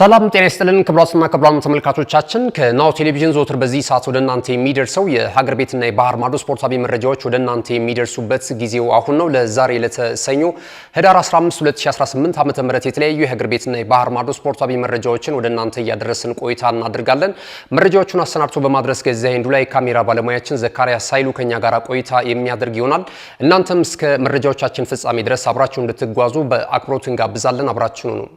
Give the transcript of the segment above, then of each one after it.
ሰላም ጤና ይስጥልን ክቡራትና ክቡራን ተመልካቾቻችን፣ ከናሁ ቴሌቪዥን ዘወትር በዚህ ሰዓት ወደ እናንተ የሚደርሰው የሀገር ቤትና የባህር ማዶ ስፖርታዊ መረጃዎች ወደ እናንተ የሚደርሱበት ጊዜው አሁን ነው። ለዛሬ ለተሰኙ ህዳር 15 2018 ዓ ም የተለያዩ የሀገር ቤትና የባህር ማዶ ስፖርታዊ መረጃዎችን ወደ እናንተ እያደረስን ቆይታ እናደርጋለን። መረጃዎቹን አሰናድቶ በማድረስ ገዛ ሂንዱ ላይ ካሜራ ባለሙያችን ዘካሪያ ሳይሉ ከኛ ጋር ቆይታ የሚያደርግ ይሆናል። እናንተም እስከ መረጃዎቻችን ፍጻሜ ድረስ አብራችሁ እንድትጓዙ በአክብሮት እንጋብዛለን። አብራችኑ ነው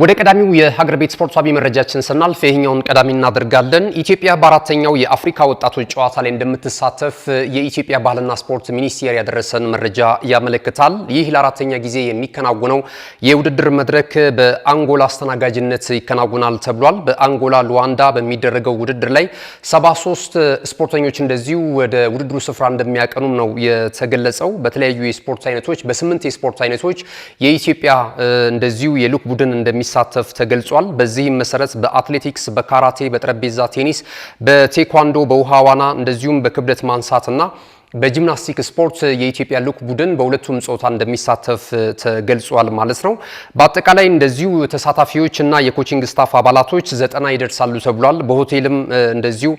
ወደ ቀዳሚው የሀገር ቤት ዋቢ መረጃችን ስናልፍ ይህኛውን ቀዳሚ እናደርጋለን። ኢትዮጵያ በአራተኛው የአፍሪካ ወጣቶች ጨዋታ ላይ እንደምትሳተፍ የኢትዮጵያ ባህልና ስፖርት ሚኒስቴር ያደረሰን መረጃ ያመለክታል። ይህ ለአራተኛ ጊዜ የሚከናወነው የውድድር መድረክ በአንጎላ አስተናጋጅነት ይከናወናል ተብሏል። በአንጎላ ሉዋንዳ በሚደረገው ውድድር ላይ 73 ስፖርተኞች እንደዚሁ ወደ ውድድሩ ስፍራ እንደሚያቀኑም ነው የተገለጸው። በተለያዩ የስፖርት አይነቶች በስምንት የስፖርት አይነቶች የኢትዮጵያ እንደዚሁ የልኡክ ቡድን እንደሚ እንደሚሳተፍ ተገልጿል። በዚህም መሰረት በአትሌቲክስ፣ በካራቴ፣ በጠረጴዛ ቴኒስ፣ በቴኳንዶ፣ በውሃ ዋና እንደዚሁም በክብደት ማንሳትና በጂምናስቲክ ስፖርት የኢትዮጵያ ልዑክ ቡድን በሁለቱም ጾታ እንደሚሳተፍ ተገልጿል ማለት ነው። በአጠቃላይ እንደዚሁ ተሳታፊዎች እና የኮቺንግ ስታፍ አባላቶች ዘጠና ይደርሳሉ ተብሏል። በሆቴልም እንደዚሁ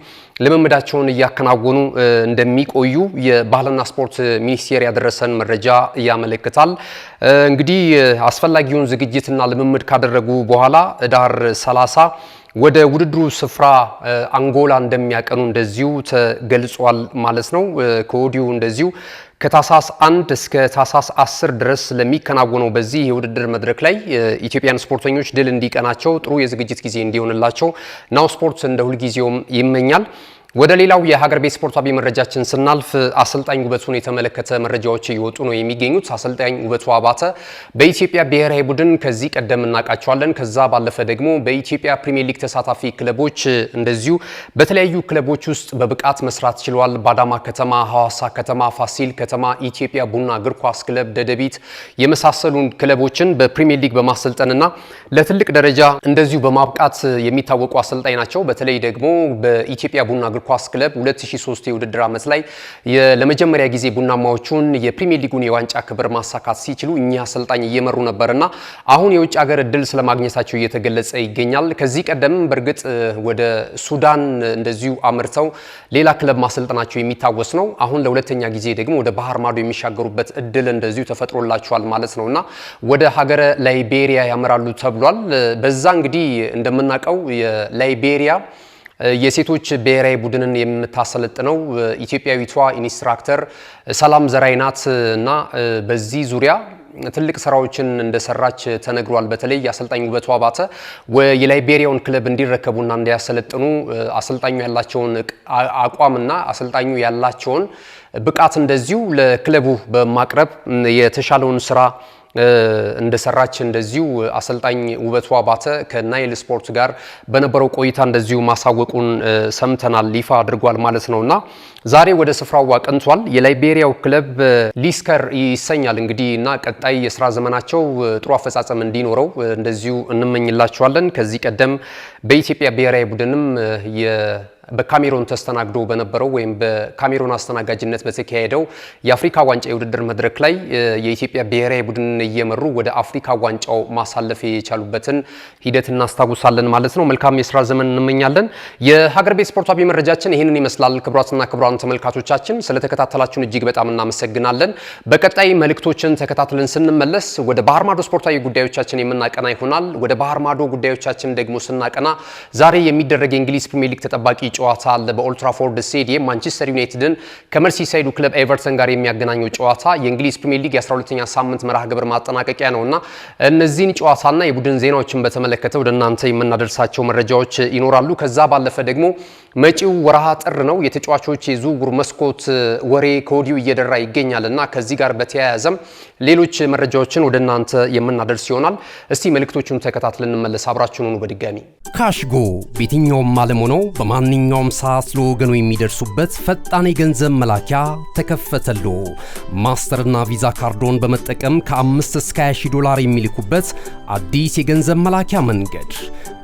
ልምምዳቸውን እያከናወኑ እንደሚቆዩ የባህልና ስፖርት ሚኒስቴር ያደረሰን መረጃ ያመለክታል። እንግዲህ አስፈላጊውን ዝግጅትና ልምምድ ካደረጉ በኋላ ዳር 30 ወደ ውድድሩ ስፍራ አንጎላ እንደሚያቀኑ እንደዚሁ ተገልጿል ማለት ነው። ከወዲሁ እንደዚሁ ከታሳስ አንድ እስከ ታሳስ 10 ድረስ ለሚከናወነው በዚህ የውድድር መድረክ ላይ ኢትዮጵያን ስፖርተኞች ድል እንዲቀናቸው ጥሩ የዝግጅት ጊዜ እንዲሆንላቸው ናው ስፖርት እንደ ሁልጊዜውም ይመኛል። ወደ ሌላው የሀገር ቤት ስፖርታዊ መረጃችን ስናልፍ አሰልጣኝ ውበቱን የተመለከተ መረጃዎች እየወጡ ነው የሚገኙት። አሰልጣኝ ውበቱ አባተ በኢትዮጵያ ብሔራዊ ቡድን ከዚህ ቀደም እናውቃቸዋለን። ከዛ ባለፈ ደግሞ በኢትዮጵያ ፕሪሚየር ሊግ ተሳታፊ ክለቦች እንደዚሁ በተለያዩ ክለቦች ውስጥ በብቃት መስራት ችሏል። ባዳማ ከተማ፣ ሐዋሳ ከተማ፣ ፋሲል ከተማ፣ ኢትዮጵያ ቡና እግር ኳስ ክለብ፣ ደደቢት የመሳሰሉ ክለቦችን በፕሪሚየር ሊግ በማሰልጠንና ለትልቅ ደረጃ እንደዚሁ በማብቃት የሚታወቁ አሰልጣኝ ናቸው። በተለይ ደግሞ በኢትዮጵያ ቡና እግር ኳስ ክለብ 2003 የውድድር ዓመት ላይ ለመጀመሪያ ጊዜ ቡናማዎቹን የፕሪሚየር ሊጉን የዋንጫ ክብር ማሳካት ሲችሉ እኚህ አሰልጣኝ እየመሩ ነበርና አሁን የውጭ ሀገር እድል ስለማግኘታቸው እየተገለጸ ይገኛል። ከዚህ ቀደም በእርግጥ ወደ ሱዳን እንደዚሁ አምርተው ሌላ ክለብ ማሰልጠናቸው የሚታወስ ነው። አሁን ለሁለተኛ ጊዜ ደግሞ ወደ ባህር ማዶ የሚሻገሩበት እድል እንደዚሁ ተፈጥሮላቸዋል ማለት ነውና ወደ ሀገረ ላይቤሪያ ያመራሉ ተብሏል። በዛ እንግዲህ እንደምናውቀው የላይቤሪያ የሴቶች ብሔራዊ ቡድንን የምታሰለጥነው ኢትዮጵያዊቷ ኢንስትራክተር ሰላም ዘራይ ናት እና በዚህ ዙሪያ ትልቅ ስራዎችን እንደሰራች ተነግሯል። በተለይ አሰልጣኝ ውበቱ አባተ የላይቤሪያውን ክለብ እንዲረከቡና እንዲያሰለጥኑ አሰልጣኙ ያላቸውን አቋምና አሰልጣኙ ያላቸውን ብቃት እንደዚሁ ለክለቡ በማቅረብ የተሻለውን ስራ እንደሰራች እንደዚሁ አሰልጣኝ ውበቱ አባተ ከናይል ስፖርት ጋር በነበረው ቆይታ እንደዚሁ ማሳወቁን ሰምተናል። ይፋ አድርጓል ማለት ነው እና ዛሬ ወደ ስፍራው አቅንቷል። የላይቤሪያው ክለብ ሊስከር ይሰኛል እንግዲህ እና ቀጣይ የስራ ዘመናቸው ጥሩ አፈጻጸም እንዲኖረው እንደዚሁ እንመኝላቸዋለን። ከዚህ ቀደም በኢትዮጵያ ብሔራዊ ቡድንም በካሜሮን ተስተናግዶ በነበረው ወይም በካሜሮን አስተናጋጅነት በተካሄደው የአፍሪካ ዋንጫ የውድድር መድረክ ላይ የኢትዮጵያ ብሔራዊ ቡድንን እየመሩ ወደ አፍሪካ ዋንጫው ማሳለፍ የቻሉበትን ሂደት እናስታውሳለን ማለት ነው። መልካም የስራ ዘመን እንመኛለን። የሀገር ቤት ስፖርታዊ መረጃችን ይህንን ይመስላል። ክቡራትና ክቡራን ተመልካቾቻችን ስለተከታተላችሁን እጅግ በጣም እናመሰግናለን። በቀጣይ መልእክቶችን ተከታትለን ስንመለስ ወደ ባህር ማዶ ስፖርታዊ ጉዳዮቻችን የምናቀና ይሆናል። ወደ ባህር ማዶ ጉዳዮቻችን ደግሞ ስናቀና ዛሬ የሚደረግ የእንግሊዝ ፕሪሚየር ሊግ ተጠባቂ ጨዋታ አለ። በኦልትራፎርድ ስቴዲየም ማንቸስተር ዩናይትድን ከመርሲሳይዱ ክለብ ኤቨርተን ጋር የሚያገናኘው ጨዋታ የእንግሊዝ ፕሪሚየር ሊግ የ12ኛ ሳምንት መርሃ ግብር ማጠናቀቂያ ነውና እነዚህን ጨዋታና የቡድን ዜናዎችን በተመለከተ ወደ እናንተ የምናደርሳቸው መረጃዎች ይኖራሉ። ከዛ ባለፈ ደግሞ መጪው ወርሃ ጥር ነው። የተጫዋቾች የዝውውር መስኮት ወሬ ከወዲሁ እየደራ ይገኛል እና ከዚህ ጋር በተያያዘም ሌሎች መረጃዎችን ወደ እናንተ የምናደርስ ይሆናል። እስቲ መልእክቶቹን ተከታትለን እንመለስ። አብራችን ሆኑ። በድጋሚ ካሽጎ በየትኛውም ዓለም ሆነው በማንኛውም ሰዓት ለወገኑ የሚደርሱበት ፈጣን የገንዘብ መላኪያ ተከፈተሉ። ማስተርና ቪዛ ካርዶን በመጠቀም ከ5 እስከ 20 ዶላር የሚልኩበት አዲስ የገንዘብ መላኪያ መንገድ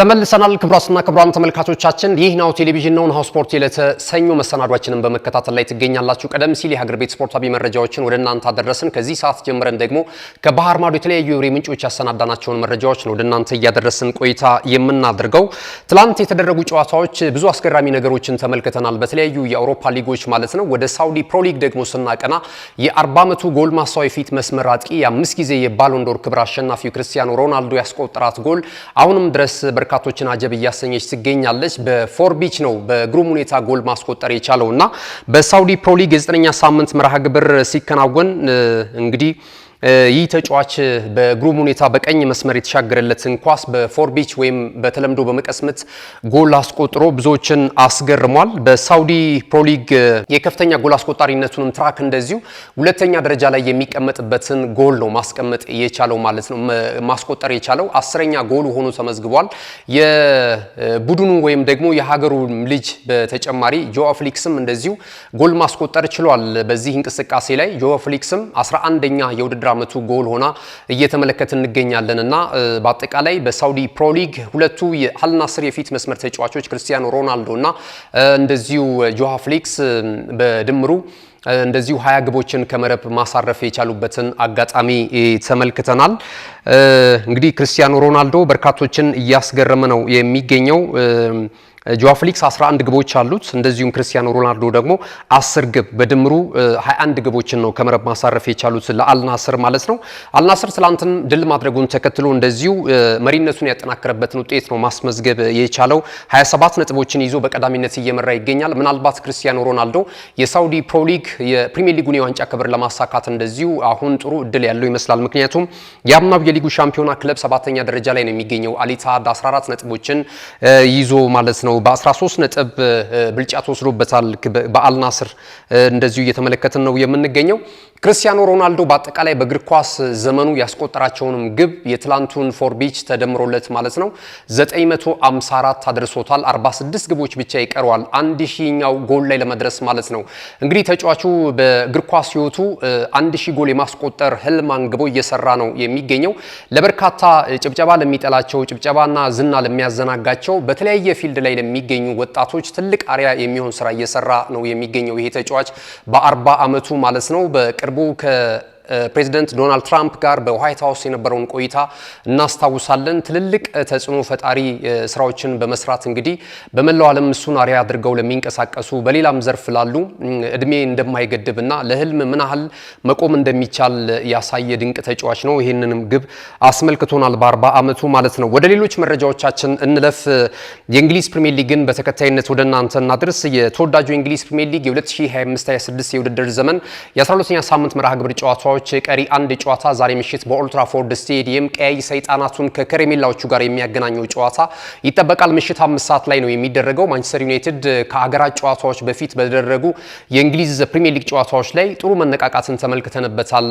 ተመልሰናል ክቡራትና ክቡራን ተመልካቾቻችን፣ ይህ ናሁ ቴሌቪዥን ነው። ናሁ ስፖርት የዕለተ ሰኞ መሰናዷችንን በመከታተል ላይ ትገኛላችሁ። ቀደም ሲል የሀገር ቤት ስፖርታዊ መረጃዎችን ወደ እናንተ አደረስን። ከዚህ ሰዓት ጀምረን ደግሞ ከባህር ማዶ የተለያዩ የወሬ ምንጮች ያሰናዳናቸውን መረጃዎች ነው ወደ እናንተ እያደረስን ቆይታ የምናደርገው። ትላንት የተደረጉ ጨዋታዎች ብዙ አስገራሚ ነገሮችን ተመልክተናል። በተለያዩ የአውሮፓ ሊጎች ማለት ነው። ወደ ሳውዲ ፕሮሊግ ደግሞ ስናቀና የ40 ዓመቱ ጎልማሳ የፊት መስመር አጥቂ የአምስት ጊዜ የባሎንዶር ክብር አሸናፊው ክርስቲያኖ ሮናልዶ ያስቆጠራት ጎል አሁንም ድረስ በርካቶችን አጀብ እያሰኘች ትገኛለች። በፎርቢች ነው በግሩም ሁኔታ ጎል ማስቆጠር የቻለው እና በሳውዲ ፕሮሊግ የዘጠነኛ ሳምንት መርሃ ግብር ሲከናወን እንግዲህ ይህ ተጫዋች በግሩም ሁኔታ በቀኝ መስመር የተሻገረለትን ኳስ በፎርቢች ወይም በተለምዶ በመቀስመት ጎል አስቆጥሮ ብዙዎችን አስገርሟል። በሳውዲ ፕሮሊግ የከፍተኛ ጎል አስቆጣሪነቱንም ትራክ እንደዚሁ ሁለተኛ ደረጃ ላይ የሚቀመጥበትን ጎል ነው ማስቀመጥ የቻለው ማለት ነው ማስቆጠር የቻለው አስረኛ ጎሉ ሆኖ ተመዝግቧል። የቡድኑ ወይም ደግሞ የሀገሩ ልጅ በተጨማሪ ጆዋ ፍሊክስም እንደዚሁ ጎል ማስቆጠር ችሏል። በዚህ እንቅስቃሴ ላይ ጆዋ ፍሊክስም 11ኛ የውድድር ዓመቱ ጎል ሆና እየተመለከት እንገኛለን እና በአጠቃላይ በሳውዲ ፕሮ ሊግ ሁለቱ የአልናስር የፊት መስመር ተጫዋቾች ክርስቲያኖ ሮናልዶ እና እንደዚሁ ጆሃ ፍሊክስ በድምሩ እንደዚሁ ሀያ ግቦችን ከመረብ ማሳረፍ የቻሉበትን አጋጣሚ ተመልክተናል። እንግዲህ ክርስቲያኖ ሮናልዶ በርካቶችን እያስገረመ ነው የሚገኘው። ጆዋ 11 ግቦች አሉት። እንደዚሁም ክርስቲያኖ ሮናልዶ ደግሞ 10 ግብ በድምሩ 21 ግቦችን ነው ከመረብ ማሳረፍ የቻሉት ለአልናስር ማለት ነው። አልናስር ትላንትን ድል ማድረጉን ተከትሎ እንደዚሁ መሪነቱን ያጠናከረበትን ውጤት ነው ማስመዝገብ የቻለው። 27 ነጥቦችን ይዞ በቀዳሚነት እየመራ ይገኛል። ምናልባት ክርስቲያኖ ሮናልዶ የሳውዲ ፕሮ ሊግ የፕሪሚየር ሊጉን የዋንጫ ክብር ለማሳካት እንደዚሁ አሁን ጥሩ እድል ያለው ይመስላል። ምክንያቱም የአምናው የሊጉ ሻምፒዮና ክለብ ሰባተኛ ደረጃ ላይ ነው የሚገኘው አሊታድ 14 ነጥቦችን ይዞ ማለት ነው። በ13 ነጥብ ብልጫ ተወስዶበታል በአልናስር እንደዚሁ እየተመለከትን ነው የምንገኘው። ክርስቲያኖ ሮናልዶ በአጠቃላይ በእግር ኳስ ዘመኑ ያስቆጠራቸውንም ግብ የትላንቱን ፎርቢች ተደምሮለት ማለት ነው 954 አድርሶታል። 46 ግቦች ብቻ ይቀረዋል አንድ ሺኛው ጎል ላይ ለመድረስ ማለት ነው። እንግዲህ ተጫዋቹ በእግር ኳስ ሕይወቱ አንድ ሺህ ጎል የማስቆጠር ህልም አንግቦ እየሰራ ነው የሚገኘው። ለበርካታ ጭብጨባ ለሚጠላቸው ጭብጨባና ዝና ለሚያዘናጋቸው በተለያየ ፊልድ ላይ ላይ ለሚገኙ ወጣቶች ትልቅ አሪያ የሚሆን ስራ እየሰራ ነው የሚገኘው ይሄ ተጫዋች በአርባ አመቱ ማለት ነው በቅርቡ ከ ፕሬዚደንት ዶናልድ ትራምፕ ጋር በዋይት ሀውስ የነበረውን ቆይታ እናስታውሳለን። ትልልቅ ተጽዕኖ ፈጣሪ ስራዎችን በመስራት እንግዲህ በመላው ዓለም እሱን አርአያ አድርገው ለሚንቀሳቀሱ በሌላም ዘርፍ ላሉ እድሜ እንደማይገድብ እና ለህልም ምን ያህል መቆም እንደሚቻል ያሳየ ድንቅ ተጫዋች ነው። ይህንንም ግብ አስመልክቶናል በአርባ ዓመቱ ማለት ነው። ወደ ሌሎች መረጃዎቻችን እንለፍ። የእንግሊዝ ፕሪሚየር ሊግን በተከታይነት ወደ እናንተ እናድርስ። የተወዳጁ የእንግሊዝ ፕሪሚየር ሊግ የ2025/26 የውድድር ዘመን የ12ኛ ሳምንት መርሃ ግብር ጨዋታዎች ጨዋታዎች ቀሪ አንድ ጨዋታ ዛሬ ምሽት በኦልትራፎርድ ስቴዲየም ቀያይ ሰይጣናቱን ከከረሜላዎቹ ጋር የሚያገናኘው ጨዋታ ይጠበቃል። ምሽት አምስት ሰዓት ላይ ነው የሚደረገው። ማንቸስተር ዩናይትድ ከሀገራት ጨዋታዎች በፊት በተደረጉ የእንግሊዝ ፕሪሚየር ሊግ ጨዋታዎች ላይ ጥሩ መነቃቃትን ተመልክተንበታል።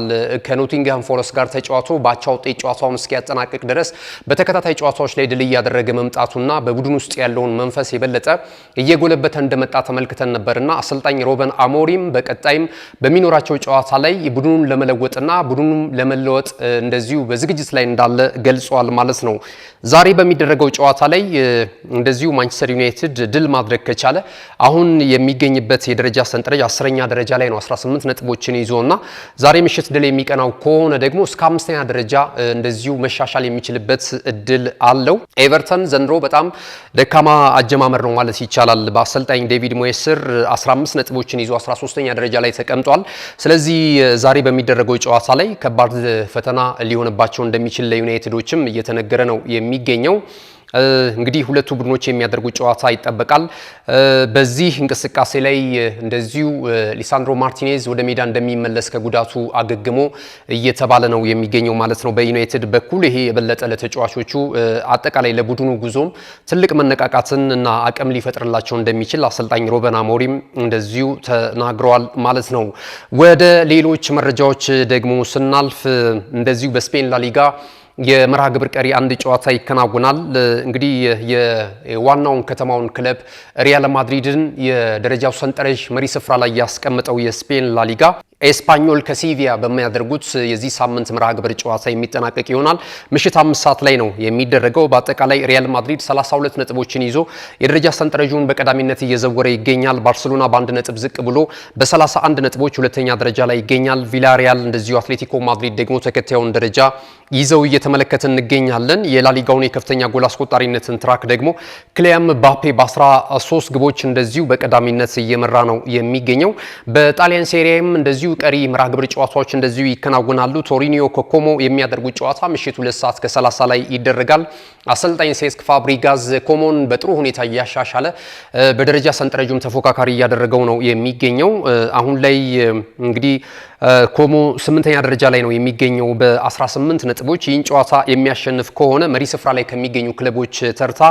ከኖቲንግሃም ፎረስት ጋር ተጫዋቶ በአቻ ውጤት ጨዋታውን እስኪያጠናቅቅ ድረስ በተከታታይ ጨዋታዎች ላይ ድል እያደረገ መምጣቱና በቡድን ውስጥ ያለውን መንፈስ የበለጠ እየጎለበተ እንደመጣ ተመልክተን ነበርና አሰልጣኝ ሮበን አሞሪም በቀጣይም በሚኖራቸው ጨዋታ ላይ ቡድኑን ለመለ ለመለወጥና ቡድኑም ለመለወጥ እንደዚሁ በዝግጅት ላይ እንዳለ ገልጿል ማለት ነው። ዛሬ በሚደረገው ጨዋታ ላይ እንደዚሁ ማንቸስተር ዩናይትድ ድል ማድረግ ከቻለ አሁን የሚገኝበት የደረጃ ሰንጠረዥ አስረኛ ደረጃ ላይ ነው 18 ነጥቦችን ይዞ እና ዛሬ ምሽት ድል የሚቀናው ከሆነ ደግሞ እስከ አምስተኛ ደረጃ እንደዚሁ መሻሻል የሚችልበት እድል አለው። ኤቨርተን ዘንድሮ በጣም ደካማ አጀማመር ነው ማለት ይቻላል። በአሰልጣኝ ዴቪድ ሞየስ 15 ነጥቦችን ይዞ 13ኛ ደረጃ ላይ ተቀምጧል። ስለዚህ ዛሬ በሚደረገው በሚደረገው ጨዋታ ላይ ከባድ ፈተና ሊሆንባቸው እንደሚችል ለዩናይትዶችም እየተነገረ ነው የሚገኘው። እንግዲህ ሁለቱ ቡድኖች የሚያደርጉት ጨዋታ ይጠበቃል። በዚህ እንቅስቃሴ ላይ እንደዚሁ ሊሳንድሮ ማርቲኔዝ ወደ ሜዳ እንደሚመለስ ከጉዳቱ አገግሞ እየተባለ ነው የሚገኘው ማለት ነው በዩናይትድ በኩል። ይሄ የበለጠ ለተጫዋቾቹ አጠቃላይ ለቡድኑ ጉዞም ትልቅ መነቃቃትን እና አቅም ሊፈጥርላቸው እንደሚችል አሰልጣኝ ሮበን አሞሪም እንደዚሁ ተናግረዋል ማለት ነው። ወደ ሌሎች መረጃዎች ደግሞ ስናልፍ እንደዚሁ በስፔን ላሊጋ የመርሃ ግብር ቀሪ አንድ ጨዋታ ይከናወናል። እንግዲህ የዋናውን ከተማውን ክለብ ሪያል ማድሪድን የደረጃው ሰንጠረዥ መሪ ስፍራ ላይ ያስቀመጠው የስፔን ላሊጋ ኤስፓኞል ከሲቪያ በሚያደርጉት የዚህ ሳምንት መርሃ ግብር ጨዋታ የሚጠናቀቅ ይሆናል። ምሽት አምስት ሰዓት ላይ ነው የሚደረገው። በአጠቃላይ ሪያል ማድሪድ 32 ነጥቦችን ይዞ የደረጃ ሰንጠረዥን በቀዳሚነት እየዘወረ ይገኛል። ባርሰሎና በአንድ ነጥብ ዝቅ ብሎ በ31 ነጥቦች ሁለተኛ ደረጃ ላይ ይገኛል። ቪላሪያል እንደዚሁ፣ አትሌቲኮ ማድሪድ ደግሞ ተከታዩን ደረጃ ይዘው እየተመለከትን እንገኛለን። የላሊጋውን የከፍተኛ ጎል አስቆጣሪነትን ትራክ ደግሞ ክሊያም ባፔ በ13 ግቦች እንደዚሁ በቀዳሚነት እየመራ ነው የሚገኘው። በጣሊያን ሴሪያም እንደዚሁ ቀሪ ምራ ግብር ጨዋታዎች እንደዚሁ ይከናወናሉ። ቶሪኒዮ ከኮሞ የሚያደርጉት ጨዋታ ምሽት ሁለት ሰዓት ከ30 ላይ ይደረጋል። አሰልጣኝ ሴስክ ፋብሪጋዝ ኮሞን በጥሩ ሁኔታ እያሻሻለ በደረጃ ሰንጠረጁም ተፎካካሪ እያደረገው ነው የሚገኘው። አሁን ላይ እንግዲህ ኮሞ ስምንተኛ ደረጃ ላይ ነው የሚገኘው በ18 ነጥቦች ይህን ጨዋታ የሚያሸንፍ ከሆነ መሪ ስፍራ ላይ ከሚገኙ ክለቦች ተርታ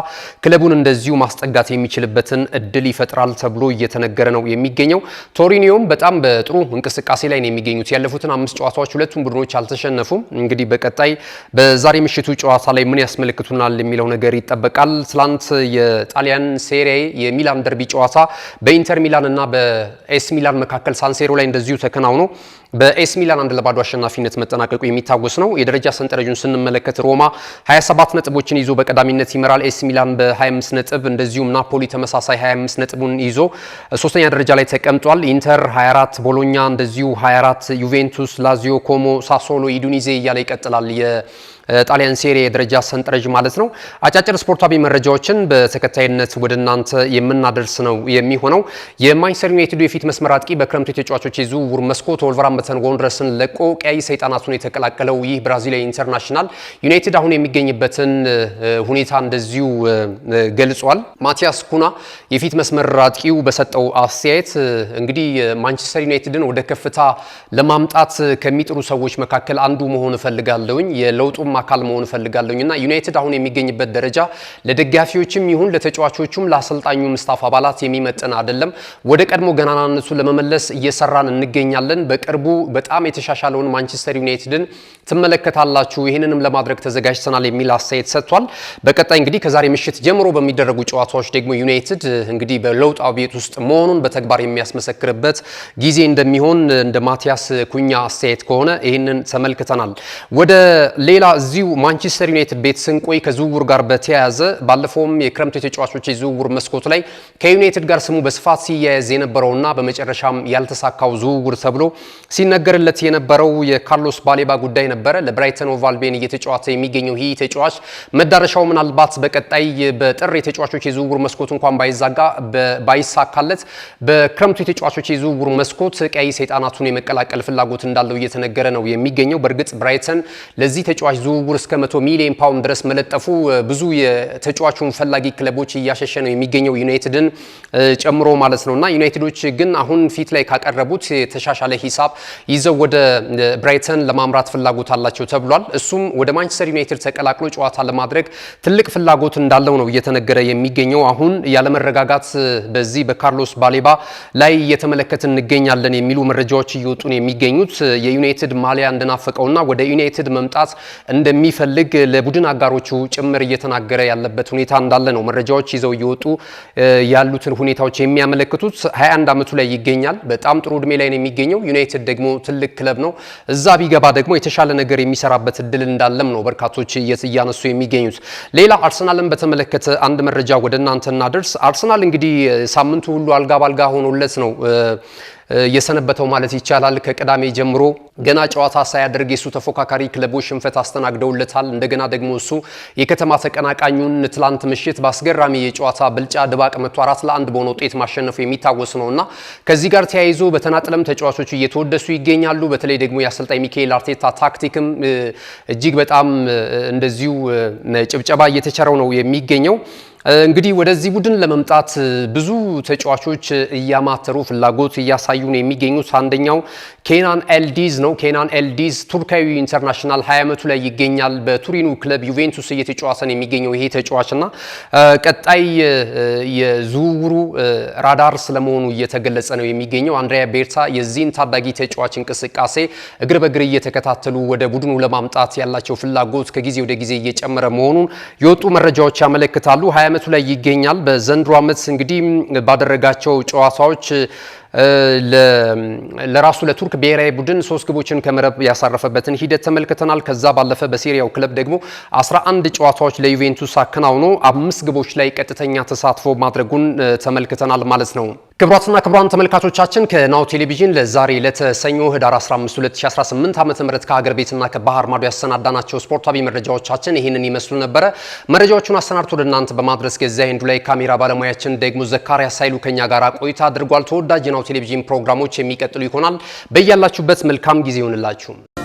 ክለቡን እንደዚሁ ማስጠጋት የሚችልበትን እድል ይፈጥራል ተብሎ እየተነገረ ነው የሚገኘው። ቶሪኒዮም በጣም በጥሩ እንቅስቃሴ ላይ ነው የሚገኙት። ያለፉትን አምስት ጨዋታዎች ሁለቱም ቡድኖች አልተሸነፉም። እንግዲህ በቀጣይ በዛሬ ምሽቱ ጨዋታ ላይ ምን ያስመለክቱናል የሚለው ነገር ይጠበቃል። ትላንት የጣሊያን ሴሬ የሚላን ደርቢ ጨዋታ በኢንተር ሚላን እና በኤስ ሚላን መካከል ሳንሴሮ ላይ እንደዚሁ ተከናውኖ በኤስ ሚላን አንድ ለባዶ አሸናፊነት መጠናቀቁ የሚታወስ ነው። የደረጃ ሰንጠረዡን ስ ስንመለከት ሮማ 27 ነጥቦችን ይዞ በቀዳሚነት ይመራል። ኤሲ ሚላን በ25 ነጥብ፣ እንደዚሁም ናፖሊ ተመሳሳይ 25 ነጥቡን ይዞ ሶስተኛ ደረጃ ላይ ተቀምጧል። ኢንተር 24፣ ቦሎኛ እንደዚሁ 24፣ ዩቬንቱስ፣ ላዚዮ፣ ኮሞ፣ ሳሶሎ፣ ኢዱኒዜ እያለ ይቀጥላል። ጣሊያን ሴሪ የደረጃ ሰንጠረዥ ማለት ነው። አጫጭር ስፖርታዊ መረጃዎችን በተከታይነት ወደ እናንተ የምናደርስ ነው የሚሆነው። የማንቸስተር ዩናይትድ የፊት መስመር አጥቂ በክረምቱ የተጫዋቾች የዝውውር መስኮት ወልቨርሃምፕተን ዋንደረርስን ለቆ ቀይ ሰይጣናቱን የተቀላቀለው ይህ ብራዚላዊ ኢንተርናሽናል ዩናይትድ አሁን የሚገኝበትን ሁኔታ እንደዚሁ ገልጿል። ማቲያስ ኩና የፊት መስመር አጥቂው በሰጠው አስተያየት እንግዲህ ማንቸስተር ዩናይትድን ወደ ከፍታ ለማምጣት ከሚጥሩ ሰዎች መካከል አንዱ መሆን እፈልጋለሁኝ። የለውጡም አካል መሆን እፈልጋለሁና ዩናይትድ አሁን የሚገኝበት ደረጃ ለደጋፊዎችም ይሁን ለተጫዋቾቹም ለአሰልጣኙ ምስታፍ አባላት የሚመጥን አይደለም። ወደ ቀድሞ ገናናነቱ ለመመለስ እየሰራን እንገኛለን። በቅርቡ በጣም የተሻሻለውን ማንቸስተር ዩናይትድን ትመለከታላችሁ። ይህንንም ለማድረግ ተዘጋጅተናል የሚል አስተያየት ሰጥቷል። በቀጣይ እንግዲህ ከዛሬ ምሽት ጀምሮ በሚደረጉ ጨዋታዎች ደግሞ ዩናይትድ እንግዲህ በለውጥ ቤት ውስጥ መሆኑን በተግባር የሚያስመሰክርበት ጊዜ እንደሚሆን እንደ ማቲያስ ኩኛ አስተያየት ከሆነ ይህንን ተመልክተናል። ወደ ሌላ እዚሁ ማንቸስተር ዩናይትድ ቤት ስንቆይ ከዝውውር ጋር በተያያዘ ባለፈውም የክረምት የተጫዋቾች የዝውውር መስኮት ላይ ከዩናይትድ ጋር ስሙ በስፋት ሲያያዝ የነበረውና በመጨረሻም ያልተሳካው ዝውውር ተብሎ ሲነገርለት የነበረው የካርሎስ ባሌባ ጉዳይ ነበረ። ለብራይተን ኦቭ አልቢዮን እየተጫወተ የሚገኘው ይህ ተጫዋች መዳረሻው ምናልባት በቀጣይ በጥር የተጫዋቾች የዝውውር መስኮት እንኳን ባይዛጋ ባይሳካለት በክረምቱ የተጫዋቾች የዝውውር መስኮት ቀይ ሰይጣናቱን የመቀላቀል ፍላጎት እንዳለው እየተነገረ ነው የሚገኘው። በእርግጥ ብራይተን ለዚህ ተጫዋች ዝውውር እስከ መቶ ሚሊዮን ፓውንድ ድረስ መለጠፉ ብዙ የተጫዋቹን ፈላጊ ክለቦች እያሸሸ ነው የሚገኘው ዩናይትድን ጨምሮ ማለት ነው። እና ዩናይትዶች ግን አሁን ፊት ላይ ካቀረቡት የተሻሻለ ሂሳብ ይዘው ወደ ብራይተን ለማምራት ፍላጎት አላቸው ተብሏል። እሱም ወደ ማንቸስተር ዩናይትድ ተቀላቅሎ ጨዋታ ለማድረግ ትልቅ ፍላጎት እንዳለው ነው እየተነገረ የሚገኘው። አሁን ያለመረጋጋት በዚህ በካርሎስ ባሌባ ላይ እየተመለከት እንገኛለን የሚሉ መረጃዎች እየወጡ ነው የሚገኙት የዩናይትድ ማሊያ እንደናፈቀውና ወደ ዩናይትድ መምጣት እንደሚፈልግ ለቡድን አጋሮቹ ጭምር እየተናገረ ያለበት ሁኔታ እንዳለ ነው መረጃዎች ይዘው እየወጡ ያሉትን ሁኔታዎች የሚያመለክቱት። 21 ዓመቱ ላይ ይገኛል። በጣም ጥሩ እድሜ ላይ ነው የሚገኘው። ዩናይትድ ደግሞ ትልቅ ክለብ ነው። እዛ ቢገባ ደግሞ የተሻለ ነገር የሚሰራበት እድል እንዳለም ነው በርካቶች እያነሱ የሚገኙት። ሌላ አርሰናልን በተመለከተ አንድ መረጃ ወደ እናንተ እናደርስ። አርሰናል እንግዲህ ሳምንቱ ሁሉ አልጋ ባልጋ ሆኖለት ነው የሰነበተው ማለት ይቻላል። ከቅዳሜ ጀምሮ ገና ጨዋታ ሳያደርግ የሱ ተፎካካሪ ክለቦች ሽንፈት አስተናግደውለታል። እንደገና ደግሞ እሱ የከተማ ተቀናቃኙን ትላንት ምሽት በአስገራሚ የጨዋታ ብልጫ ድባቅ መቶ አራት ለአንድ በሆነ ውጤት ማሸነፉ የሚታወስ ነውና ከዚህ ጋር ተያይዞ በተናጥለም ተጫዋቾቹ እየተወደሱ ይገኛሉ። በተለይ ደግሞ የአሰልጣኝ ሚካኤል አርቴታ ታክቲክም እጅግ በጣም እንደዚሁ ጭብጨባ እየተቸረው ነው የሚገኘው። እንግዲህ ወደዚህ ቡድን ለመምጣት ብዙ ተጫዋቾች እያማተሩ ፍላጎት እያሳዩ ነው የሚገኙት። አንደኛው ኬናን ኤልዲዝ ነው። ኬናን ኤልዲዝ ቱርካዊ ኢንተርናሽናል ሀያ ዓመቱ ላይ ይገኛል። በቱሪኑ ክለብ ዩቬንቱስ እየተጫዋሰ ነው የሚገኘው ይሄ ተጫዋች ቀጣይ የዝውውሩ ራዳር ስለመሆኑ እየተገለጸ ነው የሚገኘው። አንድሪያ ቤርታ የዚህን ታዳጊ ተጫዋች እንቅስቃሴ እግር በእግር እየተከታተሉ ወደ ቡድኑ ለማምጣት ያላቸው ፍላጎት ከጊዜ ወደ ጊዜ እየጨመረ መሆኑን የወጡ መረጃዎች ያመለክታሉ። ዓመቱ ላይ ይገኛል። በዘንድሮ ዓመት እንግዲህ ባደረጋቸው ጨዋታዎች ለራሱ ለቱርክ ብሔራዊ ቡድን ሶስት ግቦችን ከመረብ ያሳረፈበትን ሂደት ተመልክተናል። ከዛ ባለፈ በሴሪያው ክለብ ደግሞ 11 ጨዋታዎች ለዩቬንቱስ አከናውኖ አምስት ግቦች ላይ ቀጥተኛ ተሳትፎ ማድረጉን ተመልክተናል ማለት ነው። ክቡራትና ክቡራን ተመልካቾቻችን ከናሁ ቴሌቪዥን ለዛሬ ለተሰኞ ህዳር 15 2018 ዓ.ም ከሀገር ቤትና ከባህር ማዶ ያሰናዳናቸው ስፖርታዊ መረጃዎቻችን ይህንን ይመስሉ ነበረ። መረጃዎቹን አሰናድቶ ለእናንተ በማድረስ ገዛ ሄንዱ ላይ ካሜራ ባለሙያችን ደግሞ ዘካሪያ ሳይሉ ከኛ ጋር ቆይታ አድርጓል። ተወዳጅ ነው የጣናው ቴሌቪዥን ፕሮግራሞች የሚቀጥሉ ይሆናል። በያላችሁበት መልካም ጊዜ ይሆንላችሁ።